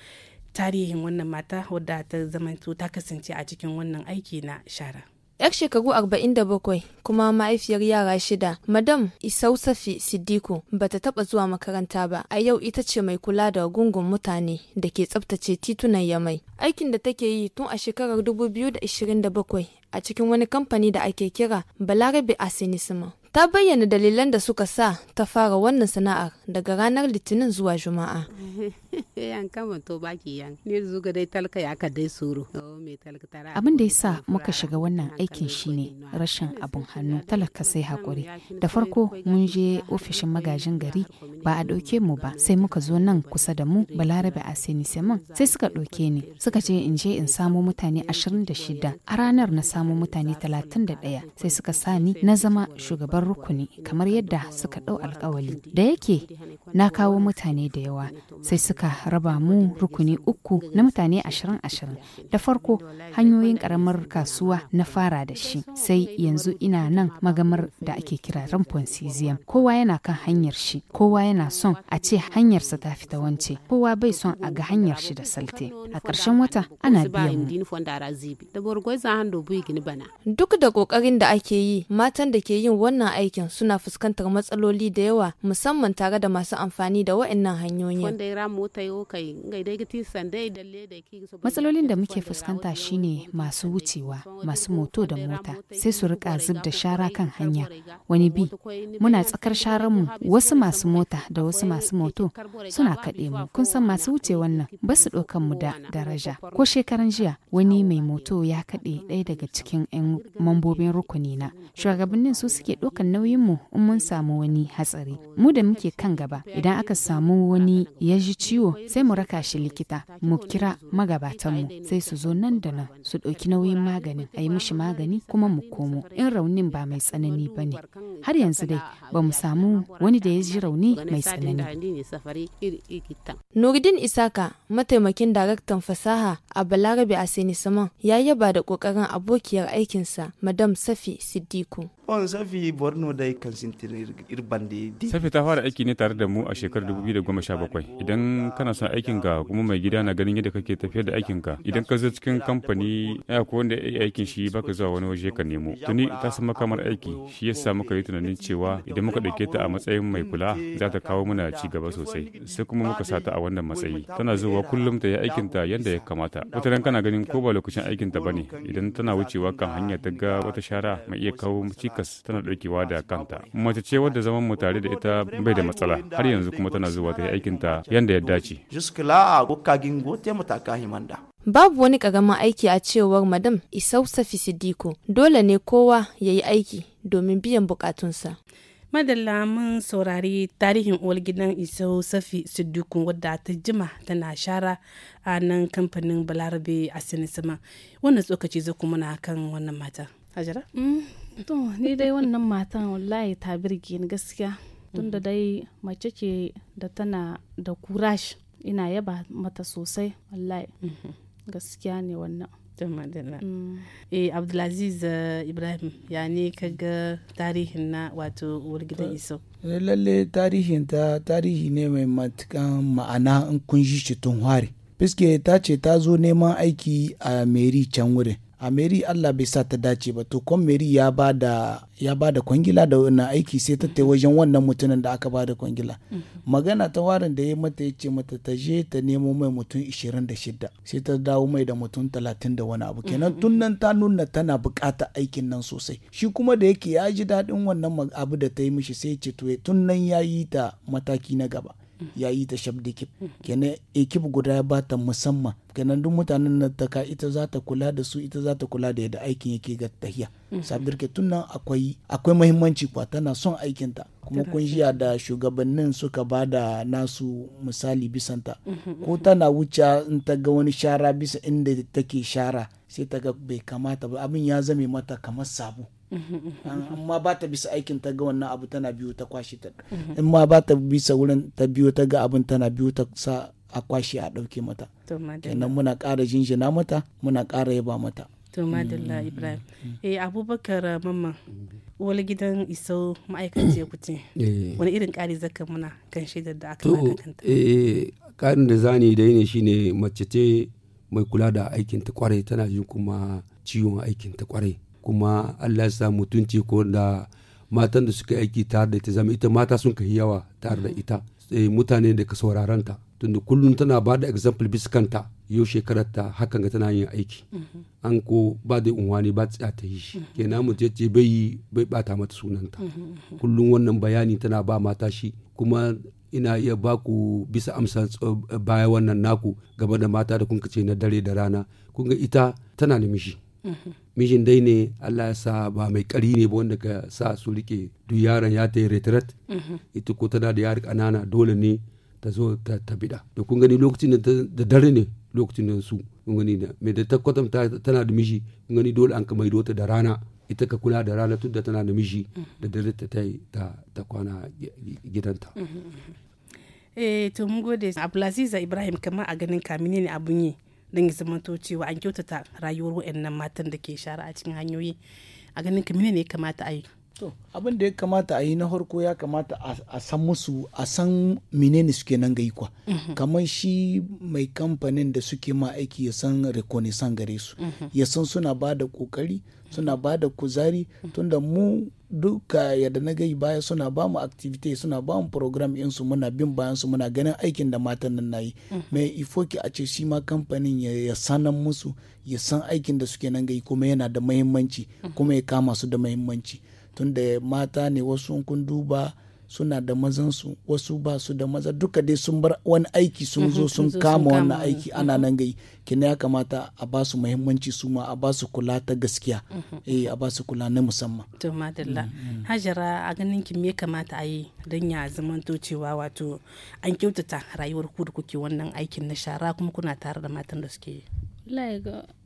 tarihin wannan mata wadda ta zamanta ta kasance a cikin wannan aiki na shara 'yar shekaru 47 kuma mahaifiyar yara shida madam isausafi siddiku ba ta taba zuwa makaranta ba a yau ita ce mai kula da gungun mutane da ke tsabtace titunan yamai aikin da take yi tun a shekarar 2027 a cikin wani kamfani da ake kira balarabe asinisima ta bayyana dalilan da suka sa ta fara wannan sana'ar daga ranar litinin zuwa juma'a yan kama baki yan ne ga dai talka ya ka dai suru abin da ya sa muka shiga wannan aikin shine rashin abun hannu talaka sai hakuri da farko mun je ofishin magajin gari ba a ɗauke mu ba sai muka zo nan kusa da mu balarabe a seni seman sai suka ɗauke ni suka je in je in samo mutane 26 a ranar na samo mutane 31 sai suka sani na zama shugaban rukuni kamar yadda suka dau alkawali da yake na kawo mutane da yawa sai suka aka raba mu rukuni uku na mutane ashirin ashirin da farko hanyoyin karamar kasuwa na fara da shi sai yanzu ina nan magamar da ake kira ramponsizium kowa yana kan hanyar shi kowa yana son a ce hanyarsa ta fita wance kowa bai son a ga hanyar shi da salte a ƙarshen wata ana biyan duk da ƙoƙarin da ake yi matan da ke yin wannan aikin suna fuskantar matsaloli da yawa musamman tare da masu amfani da waɗannan hanyoyin matsalolin da muke fuskanta shine masu wucewa masu moto da mota sai su rika zub da shara kan hanya wani bi muna tsakar sharanmu wasu masu mota da wasu masu moto suna kaɗe mu kun san masu wuce nan ba su ɗaukan mu da daraja ko shekaran jiya wani mai moto ya kaɗe ɗaya daga cikin 'yan mambobin rukuni na shugabannin su suke ɗaukan nauyin mu in mun samu wani hatsari mu da muke kan gaba idan aka samu wani ya ji ciwo ciwo sai mu raka shi likita mu kira magabatanmu sai su zo nan da nan su ɗauki nauyin maganin a yi mishi magani kuma mu komo in raunin ba mai tsanani ba ne har yanzu dai ba mu samu wani da ya ji rauni mai tsanani nurdin isaka mataimakin daraktan fasaha a balarabe a saman ya yaba da kokarin abokiyar aikinsa madam safi siddiku on safi borno kan safi ta fara aiki ne tare da mu a shekarar 2017 idan kana son aikin ka kuma mai gida na ganin yadda kake tafiyar da aikin ka idan ka zo cikin kamfani ya eh, ko wanda ya aikin shi baka zuwa wani waje ka nemo tuni ta san makamar aiki shi yasa muka yi tunanin cewa idan muka dauke ta a matsayin mai kula za ta kawo muna ci gaba sosai sai kuma muka sata a wannan matsayi tana zuwa kullum ta yi aikin ta yadda ya kamata wata ran kana ganin ko ba lokacin aikin ta bane idan tana wucewa kan hanya ta ga wata shara mai iya kawo mu. tilas tana ɗaukewa da kanta mace ce wadda zaman mu tare da ita bai da matsala har yanzu kuma tana zuwa ta yi aikinta yadda ya dace Babu wani ƙaramin aiki a cewar Madam Isausa Fisidiko, dole ne kowa ya yi aiki domin biyan bukatunsa. Madalla mun saurari tarihin uwar gidan Isau Safi Siddiqun wadda ta jima tana shara a nan kamfanin Balarabe a sinisama Wannan tsokaci zai kuma na kan wannan mata. to ni dai wannan matan wallahi ta birge ni gaskiya tunda mhm. dai mace ce da tana da kurash ina yaba mata sosai wallahi mhm. gaskiya ne wannan Mm. e abdulaziz eh, ibrahim ya ne kaga tarihin na wato gidan iso eh, lalle tarihin ta tarihi ne mai matukan ma'ana in kun shi shi tun hware fiske ta ce ta zo neman aiki a meri can wurin a meri allah bai sa ta dace ba to kwan meri ya ba da ba da kwangila da wannan aiki sai ta tai wajen wannan mutumin da aka ba da kwangila mm-hmm. magana ta warin da ya mata ya ce mata ta je ta nemo mai mutum 26 sai ta dawo mai da mutum 30 da wani abu kenan mm-hmm. tun nan ta nuna tana bukata aikin nan sosai shi kuma da yake ya ji daɗin wannan abu da ta yi mishi sai ce to tun nan ya yi ta mataki na gaba ya yi ta shabda dikip kenan ekip guda ba ta musamman kenan duk mutanen na ta ita za ta kula da su ita za ta kula da yadda aikin yake ga tahiya mm-hmm. sabir ke tunan akwai akwai muhimmanci kwa tana son aikin ta kuma jiya da shugabannin suka ba da nasu misali bisanta mm-hmm, mm-hmm. ko tana wuce in ta ga wani shara bisa inda take shara sai ta ga bai kamata ba abin ya zame mata kamar sabu. amma ba ta bisa aikin ta ga wannan abu tana biyu ta kwashe ta mhm. in ma ba ta bisa wurin ta biyu ta ga abin tana biyu ta sa a kwashe a ɗauke mata kenan muna ƙara jinjina mata muna ƙara yaba mata to madalla mm. ibrahim mm. eh abubakar uh, mamman mm. wani gidan iso ma'aikaci ya kuce eh. wani irin ƙari zaka muna kan shaidar da aka kanta eh ƙarin da zani dai ne shine mace ce mai kula da aikin ta kwarai tana jin kuma ciwon aikin ta kwarai kuma Allah ya sa mutunci ko da matan da suka aiki tare da ita zama ita mata sun kai yawa tare da ita sai eh, mutane da ka sauraron ta tunda kullum tana ba da example bisa kanta yau shekarar ta hakan ga tana yin aiki mm-hmm. an ko ba da unwani ba tsaya ta yi shi mm-hmm. kenan mu ce bai bai bata mata sunanta mm-hmm, kullum wannan bayani tana ba mata shi kuma ina iya ba ku bisa amsa eh, baya wannan naku gaba da mata da kun ce na dare da rana kun ga ita tana nimishi mijin dai ne Allah ya sa ba mai ƙari ne ba wanda ka sa su rike duk yaron ya ta yi retret ita ko tana da yari kanana dole ne ta zo ta tabida da kun gani lokacin da dare ne lokacin da su kun gani da mai da ta kwatanta tana da miji kun gani dole an ka maido ta da rana ita ka kula da rana tun da tana da miji da dare ta ta kwana gidanta eh to mun gode Abdulaziz Ibrahim kamar a ganin kamine ne abun yi dan yi zamanto cewa an kyautata rayuwar waɗannan matan da ke shara a cikin hanyoyi a ganin ka ne ya kamata a yi to abin da ya kamata a yi na farko ya kamata a san musu a san menene suke nan gai kwa mhm. kamar shi mai kamfanin da suke ma aiki ya san reconnaissance gare su mhm. ya san suna ba da kokari suna ba da kuzari mhm. tunda mu duka yadda na gai baya suna ba mu activity suna ba mu program su muna bin bayan su muna ganin aikin da matan nan nayi mm-hmm. mai ifoki a ce shi ma kamfanin ya sanan musu ya san aikin da suke nan gai kuma yana da muhimmanci mm-hmm. kuma ya kama su da muhimmanci tunda mata ne wasu kun duba suna da mazansu wasu ba su da maza duka dai sun bar wani aiki sun zo mhm, sun kama wannan aiki ana nan gai kina ya kamata a ba su muhimmanci su ma a ba su kula ta gaskiya mhm. eh a ba su kula na musamman to madalla mm, mm. hajara a ganin ki me kamata a yi don ya zamanto cewa wato an kyautata rayuwar ku da kuke wannan aikin na shara kuma kuna tare da matan da suke yi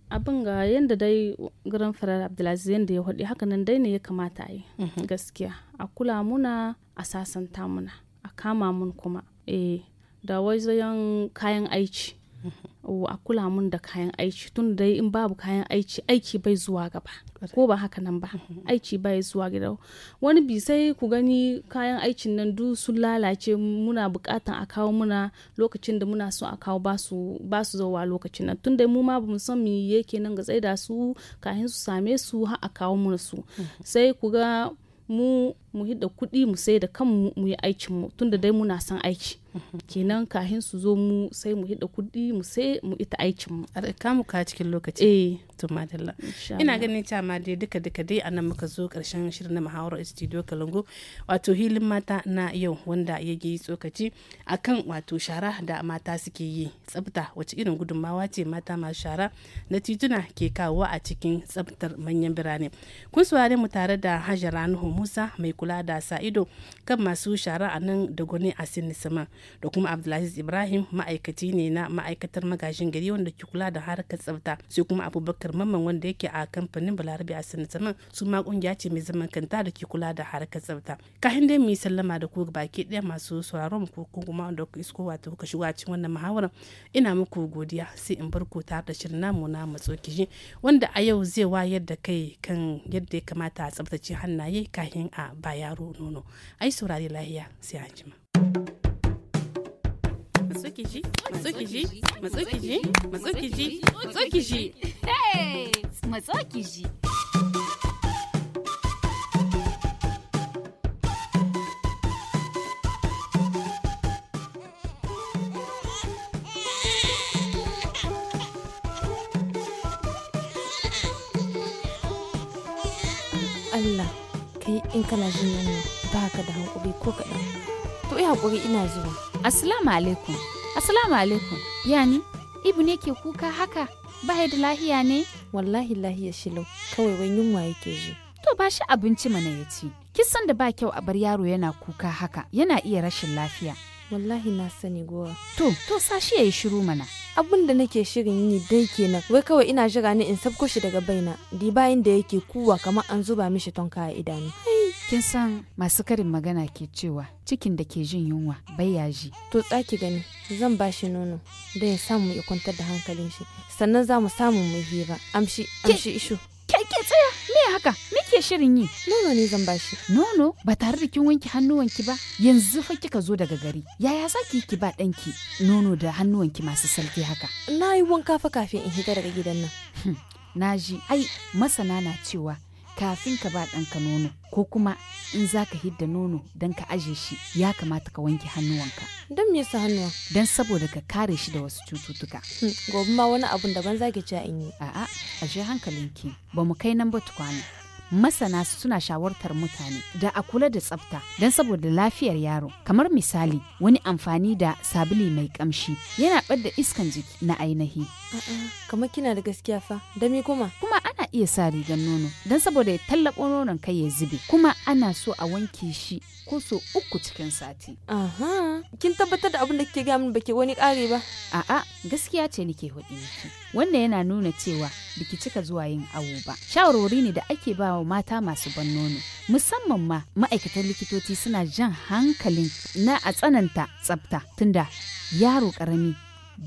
abin ga yadda dai garin farar abdulaziz yadda ya haɗi nan dai ne ya kamata a yi mhm. gaskiya a kula muna a sasanta muna a kama mun kuma eh da wajen kayan aiki mhm. a kula mun da kayan aiki tun da in babu kayan aiki aiki bai zuwa gaba ko ba haka nan ba aiki bai zuwa gida wani bi sai ku gani kayan aikin nan du sun lalace muna bukatan a kawo muna lokacin da muna so a kawo ba su zauwa lokacin nan tun da mu ma bamu san me yake nan ga tsaida su kayan su same su har a kawo muna su hmm. sai ku ga mu mu hidda kuɗi mu sai da kanmu mu yi aikin mu tunda dai muna son aiki kenan kahin su zo mu sai mu hidda kuɗi mu sai mu ita aikin mu ka mu ka cikin lokaci eh to madalla ina ganin ta ma dai duka duka dai anan muka zo karshen shirin na muhawara studio Kalungu wato hilin mata na yau wanda ya yi tsokaci akan wato shara da mata suke yi tsafta wace irin gudunmawa ce mata masu shara na tituna ke kawo a cikin tsaftar manyan birane kun saurare mu tare da Hajara Nuhu Musa mai kula da sa ido kan masu shara a nan da gwani a sama da kuma abdulaziz ibrahim ma'aikaci ne na ma'aikatar magajin gari wanda ke kula da harkar tsafta sai kuma abubakar mamman wanda yake a kamfanin balarabe a sama su ma kungiya ce mai zaman kanta da ke kula da harkar tsafta kahin dai mu yi sallama da ku baki ɗaya masu sauraron ko kuma ku isko wato kuka shigo a cikin wannan muhawarar ina muku godiya sai in bar ku tare da shirin namu na matso kishi wanda a yau zai wayar da kai kan yadda ya kamata a tsaftace hannaye kahin a ba ba yaro ai saurari lahiya sai an jima matsukiji matsukiji matsukiji matsukiji matsukiji matsukiji kana jin nan ba ka da hankuri ko kaɗan to yi haƙuri ina zuwa assalamu alaikum assalamu alaikum yani ibu ne ke kuka haka ba da lahiya ne wallahi lahiya shilo kawai wani yunwa yake ji to ba shi abinci mana ya ci kisan da ba kyau a bar yaro yana kuka haka yana iya rashin lafiya wallahi na sani gowa to to sashi shi yayi shiru mana abin da nake shirin yi dai kenan wai kawai ina jira ne in sabko shi daga baina di bayan da yake kuwa kamar an zuba mishi tonka a idanu kin san masu karin magana ke cewa cikin da ke jin yunwa bai yaji to tsaki gani zan ba shi nono da ya samu ya kwantar da hankalin shi sannan za mu samu mu hira amshi amshi ishu ke tsaya me haka me ke shirin yi nono ne zan bashi nono ba tare da kin wanke hannuwanki ba yanzu fa kika zo daga gari yaya za ki ki ba danki nono da hannuwanki masu salki haka na yi wanka fa kafin in hita daga gidan nan hm, naji ai masana na cewa kafin ka ba ɗanka nono ko kuma in za ka hidda nono don ka aje shi ya kamata ka wanke hannuwanka. Don me yasa hannuwa? Don saboda ka kare shi da wasu cututtuka. Hmm, gobe ma wani abun daban zaki ci in yi. A'a, a aje hankalinki ba mu kai nan ba tukwana. masana suna shawartar mutane da a kula da tsafta don saboda lafiyar yaro kamar misali wani amfani da sabili mai kamshi yana ɓadda iskan jiki na ainihi kamar kina da gaskiya fa da me kuma kuma ana iya sa rigar nono don saboda ya tallaɓo nonon kai ya zube kuma ana so a wanke shi ko so uku cikin sati aha kin tabbatar da abin da kike ga min baki wani ƙare ba a'a gaskiya ce nake hudi wanda yana nuna cewa biki cika zuwa yin awo ba shawarwari ne da ake ba wa mata masu ban nono musamman ma ma'aikatan likitoci suna jan hankalin na a tsananta tsafta tunda yaro karami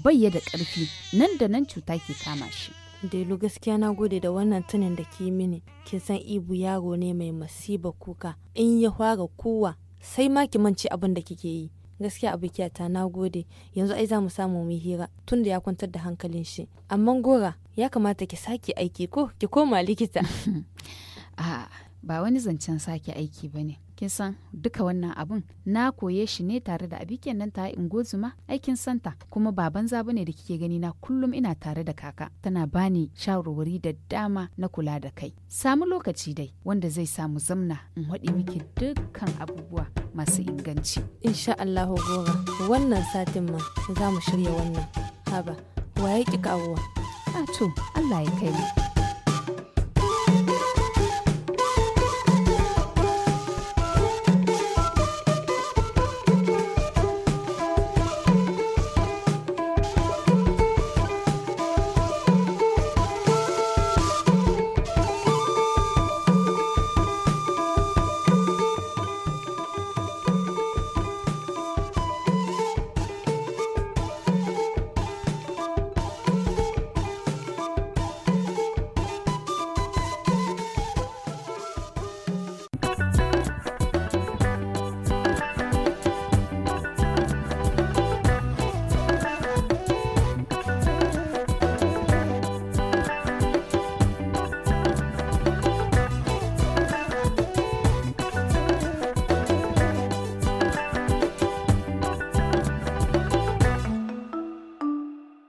bayya da karfi nan da nan cuta ke kama shi Delu gaskiya na gode da wannan tunin da ke mini kin san ibu yaro ne mai masiba kuka in ya fara kowa sai ma ki mance abin da kike yi gaskiya ta na gode yanzu ai za mu samu mu hira tunda ya kwantar da hankalin shi amma gora ya kamata ki sake aiki ko ki koma likita ah, ba wani zancen sake aiki ba ne kin san duka wannan abun na koye shi ne tare da abiken nan ta ingozuma aikin santa kuma ba banza bane da kike gani na kullum ina tare da kaka tana bani shawarwari da dama na kula da kai samu lokaci dai wanda zai samu zamna in haɗi miki dukkan abubuwa masu inganci insha Allahu gora wannan satin ma za mu shirya wannan haba waye ki kawowa a to Allah ya kai mu